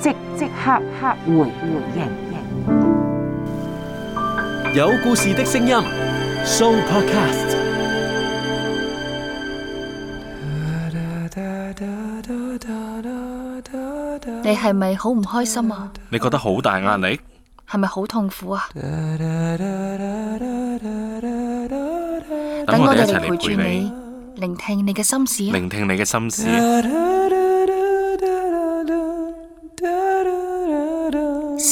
即即刻刻回回應，有故事的聲音，So Podcast。你係咪好唔開心啊？你覺得好大壓力？係咪好痛苦啊？等我哋一齊嚟陪住你，聆聽你嘅心事，聆聽你嘅心事。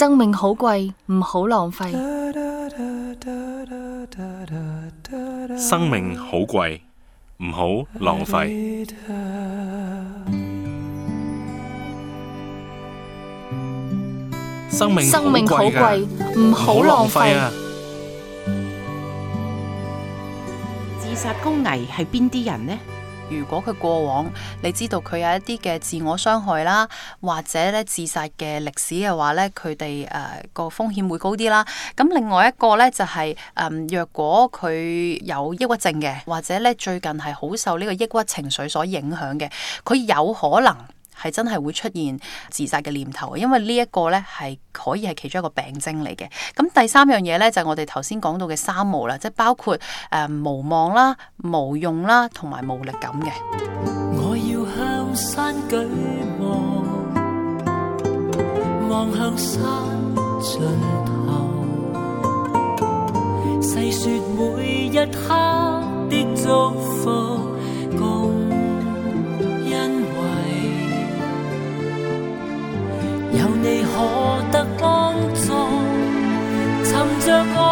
生命好貴，唔好浪費。生命好貴，唔好浪費。生命生命好貴，唔好浪費。啊，自殺高危係邊啲人呢？如果佢過往你知道佢有一啲嘅自我傷害啦，或者咧自殺嘅歷史嘅話咧，佢哋誒個風險會高啲啦。咁另外一個咧就係誒，若果佢有抑鬱症嘅，或者咧最近係好受呢個抑鬱情緒所影響嘅，佢有可能。係真係會出現自殺嘅念頭，因為呢一個咧係可以係其中一個病徵嚟嘅。咁第三樣嘢咧就係我哋頭先講到嘅三無啦，即係包括誒、呃、無望啦、無用啦同埋無力感嘅。我要向山舉目，望向山盡頭，細說每一刻你可得幫助，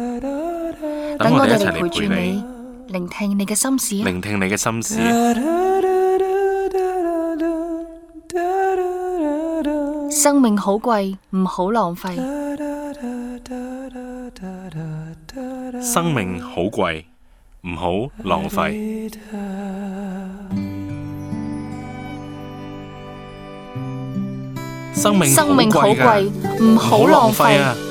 等我哋嚟陪住你，聆聽你嘅心事啊。聆聽你嘅心事。生命好貴，唔好浪費。生命好貴，唔好浪費。生命生命好貴，唔好浪費。